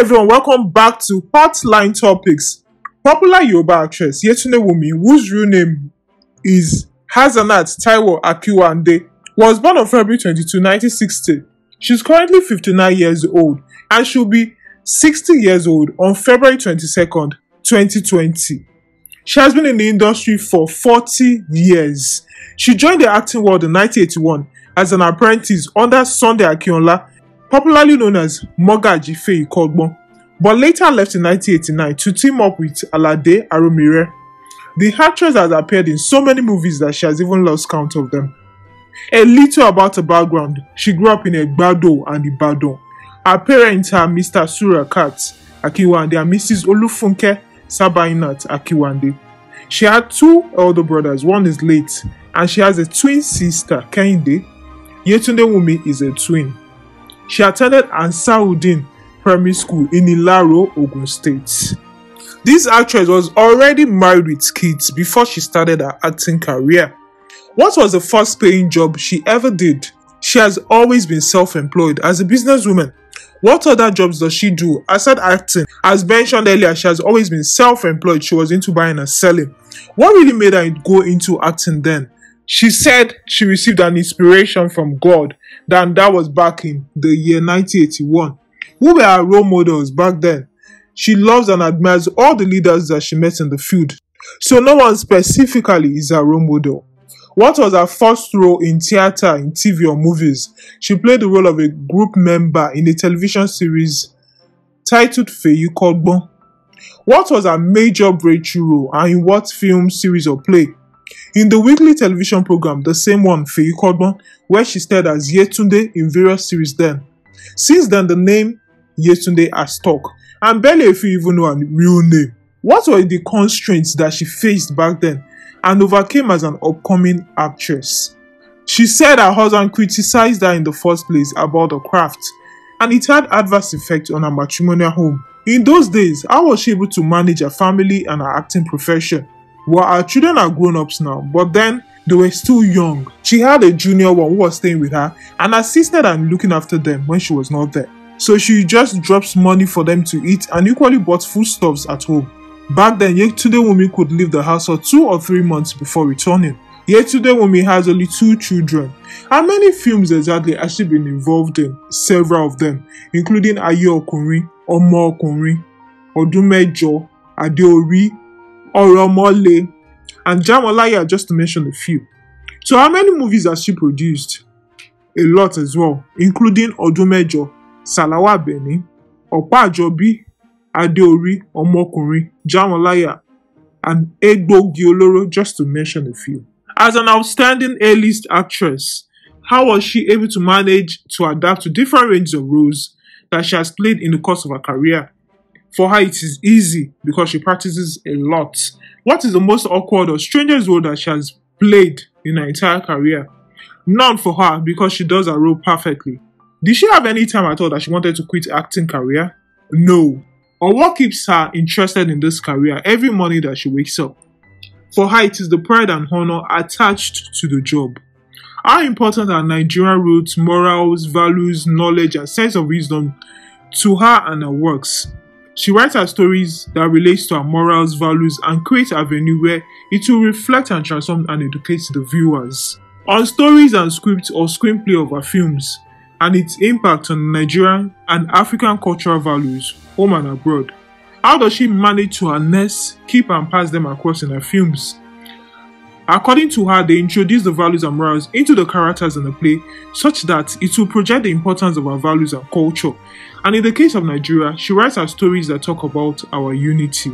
everyone, welcome back to Hotline Topics. Popular Yoruba actress yetuné Wumi, whose real name is Hazanat Taiwo Akiwande, was born on February 22, 1960. She's currently 59 years old and she'll be 60 years old on February 22, 2020. She has been in the industry for 40 years. She joined the acting world in 1981 as an apprentice under Sunday Akinola popularly known as Mogaji Feikogbon, but later left in 1989 to team up with Alade Aromire. The actress has appeared in so many movies that she has even lost count of them. A little about her background, she grew up in Egbado and Ibadan. Her parents are Mr. Surakat Akiwande and Mrs. Olufunke Sabainat Akiwande. She had two elder brothers, one is late, and she has a twin sister, Kehinde. Yetunde Wumi is a twin. She attended Ansarudin Primary School in Ilaro, Ogun State. This actress was already married with kids before she started her acting career. What was the first paying job she ever did? She has always been self-employed as a businesswoman. What other jobs does she do? Aside acting, as mentioned earlier, she has always been self-employed. She was into buying and selling. What really made her go into acting then? She said she received an inspiration from God than that was back in the year 1981. Who were her role models back then? She loves and admires all the leaders that she met in the field, so no one specifically is her role model. What was her first role in theater, in TV, or movies? She played the role of a group member in a television series titled Feyu Kodbon. What was her major breakthrough role and in what film, series, or play? In the weekly television program, the same one, Feyi Kodbon, where she starred as Yetunde in various series then. Since then, the name Yetunde has stuck, and barely if you even know her real name. What were the constraints that she faced back then and overcame as an upcoming actress? She said her husband criticized her in the first place about the craft, and it had adverse effect on her matrimonial home. In those days, how was she able to manage her family and her acting profession? Well, our children are grown ups now, but then they were still young. She had a junior one who was staying with her and assisted and looking after them when she was not there. So she just drops money for them to eat and equally bought foodstuffs at home. Back then, today, Wumi could leave the house for two or three months before returning. today, Wumi has only two children. How many films exactly has she been involved in? Several of them, including Aye Okunrin, Omo Okunrin, Odumejo, Adeori, Oromole, and Jamalaya, just to mention a few. So, how many movies has she produced? A lot as well, including Odumejo, Salawa Beni, Opa Ajobi, Adeori, Omokunrin, Jamalaya, and Edo Oloro, just to mention a few. As an outstanding A-list actress, how was she able to manage to adapt to different ranges of roles that she has played in the course of her career? For her, it is easy because she practices a lot. What is the most awkward or strangest role that she has played in her entire career? None for her because she does her role perfectly. Did she have any time at all that she wanted to quit acting career? No. Or what keeps her interested in this career every morning that she wakes up? For her, it is the pride and honor attached to the job. How important are Nigerian roots, morals, values, knowledge, and sense of wisdom to her and her works? She writes her stories that relates to her morals, values, and creates avenue where it will reflect and transform and educate the viewers on stories and scripts or screenplay of her films and its impact on Nigerian and African cultural values, home and abroad. How does she manage to harness, keep and pass them across in her films? According to her, they introduce the values and morals into the characters in the play such that it will project the importance of our values and culture. And in the case of Nigeria, she writes her stories that talk about our unity.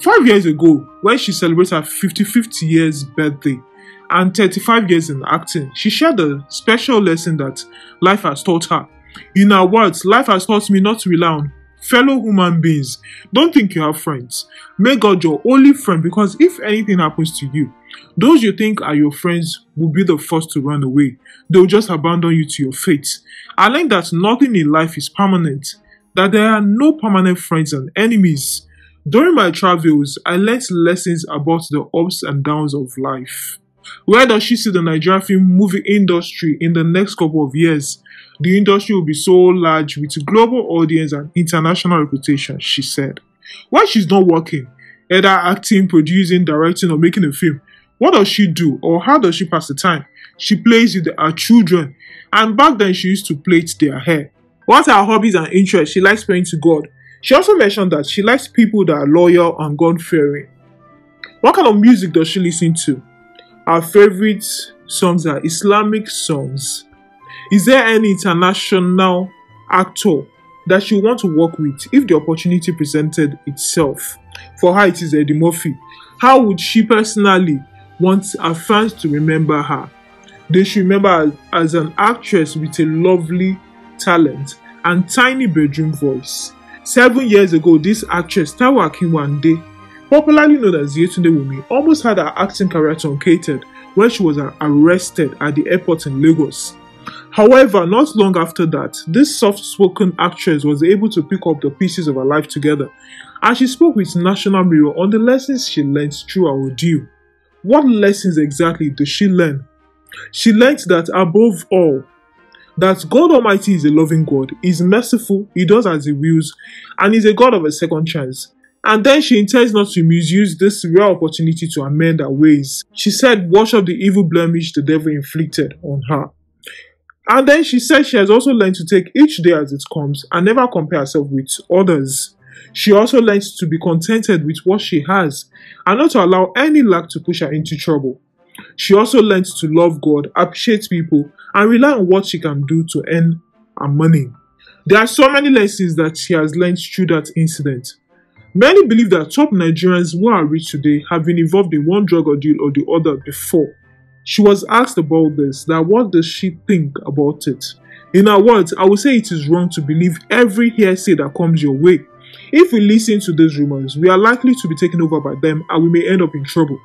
Five years ago, when she celebrated her 55th year's birthday and 35 years in acting, she shared a special lesson that life has taught her. In her words, life has taught me not to rely on fellow human beings. Don't think you have friends. Make God your only friend because if anything happens to you, those you think are your friends will be the first to run away. They'll just abandon you to your fate. I learned that nothing in life is permanent, that there are no permanent friends and enemies. During my travels, I learned lessons about the ups and downs of life. Where does she see the Nigerian film movie industry in the next couple of years? The industry will be so large with global audience and international reputation, she said. While she's not working, either acting, producing, directing, or making a film, what does she do or how does she pass the time? She plays with her children, and back then she used to plait their hair. What are her hobbies and interests? She likes praying to God. She also mentioned that she likes people that are loyal and God fearing. What kind of music does she listen to? our favorite songs are Islamic songs. Is there any international actor that you want to work with if the opportunity presented itself? For her, it is Eddie Murphy. How would she personally want her fans to remember her? They should remember as an actress with a lovely talent and tiny bedroom voice. Seven years ago, this actress Tawa day. Popularly known as Yetunde Wumi almost had her acting career truncated when she was arrested at the airport in Lagos. However, not long after that, this soft-spoken actress was able to pick up the pieces of her life together and she spoke with National Mirror on the lessons she learned through her ordeal. What lessons exactly did she learn? She learned that above all, that God Almighty is a loving God, is merciful, He does as He wills, and is a God of a second chance. And then she intends not to misuse this rare opportunity to amend her ways. She said, Wash up the evil blemish the devil inflicted on her. And then she said she has also learned to take each day as it comes and never compare herself with others. She also learns to be contented with what she has and not to allow any lack to push her into trouble. She also learns to love God, appreciate people, and rely on what she can do to earn her money. There are so many lessons that she has learned through that incident. Many believe that top Nigerians who are rich today have been involved in one drug or deal or the other before. She was asked about this, that what does she think about it? In her words, I would say it is wrong to believe every hearsay that comes your way. If we listen to these rumors, we are likely to be taken over by them and we may end up in trouble.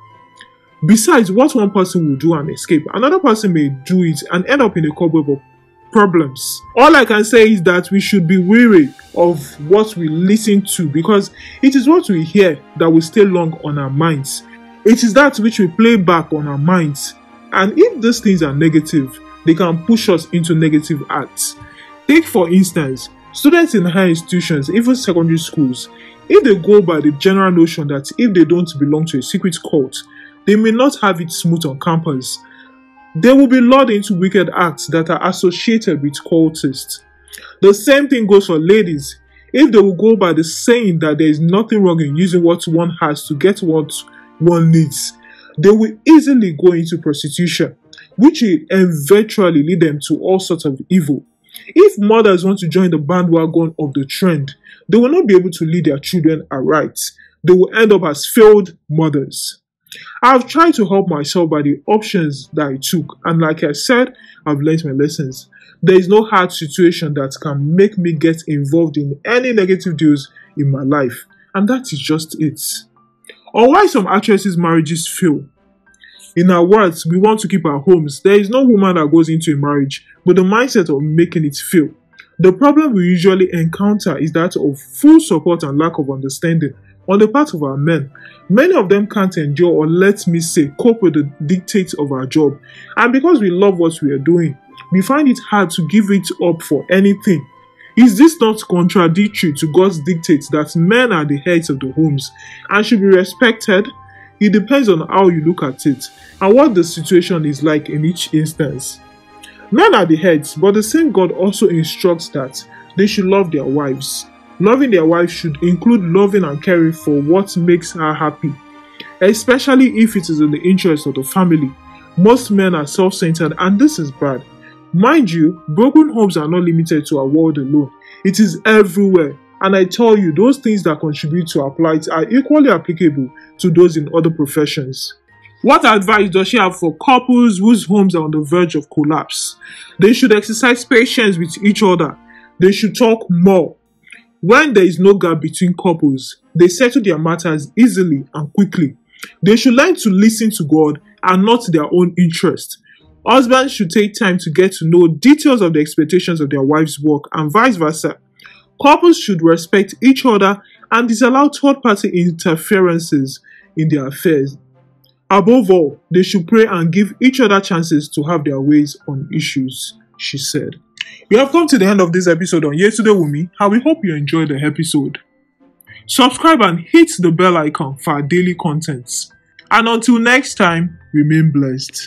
Besides, what one person will do and escape, another person may do it and end up in a cobweb of problems. All I can say is that we should be wary of what we listen to because it is what we hear that will stay long on our minds. It is that which we play back on our minds. And if those things are negative, they can push us into negative acts. Take, for instance, students in higher institutions, even secondary schools, if they go by the general notion that if they don't belong to a secret cult, they may not have it smooth on campus they will be lured into wicked acts that are associated with cultists. The same thing goes for ladies. If they will go by the saying that there is nothing wrong in using what one has to get what one needs, they will easily go into prostitution, which will eventually lead them to all sorts of evil. If mothers want to join the bandwagon of the trend, they will not be able to lead their children aright. They will end up as failed mothers. I've tried to help myself by the options that I took, and like I said, I've learned my lessons. There is no hard situation that can make me get involved in any negative deals in my life, and that is just it. Or why some actresses' marriages fail. In our words, we want to keep our homes. There is no woman that goes into a marriage with the mindset of making it fail. The problem we usually encounter is that of full support and lack of understanding on the part of our men, many of them can't endure or let me say cope with the dictates of our job. And because we love what we are doing, we find it hard to give it up for anything. Is this not contradictory to God's dictates that men are the heads of the homes and should be respected? It depends on how you look at it and what the situation is like in each instance. Men are the heads, but the same God also instructs that they should love their wives. Loving their wife should include loving and caring for what makes her happy, especially if it is in the interest of the family. Most men are self centered, and this is bad. Mind you, broken homes are not limited to our world alone, it is everywhere. And I tell you, those things that contribute to our plight are equally applicable to those in other professions. What advice does she have for couples whose homes are on the verge of collapse? They should exercise patience with each other. They should talk more. When there is no gap between couples, they settle their matters easily and quickly. They should learn to listen to God and not their own interest. Husbands should take time to get to know details of the expectations of their wife's work and vice versa. Couples should respect each other and disallow third party interferences in their affairs. Above all, they should pray and give each other chances to have their ways on issues, she said. We have come to the end of this episode on Yesterday With Me, and we hope you enjoyed the episode. Subscribe and hit the bell icon for our daily contents. And until next time, remain blessed.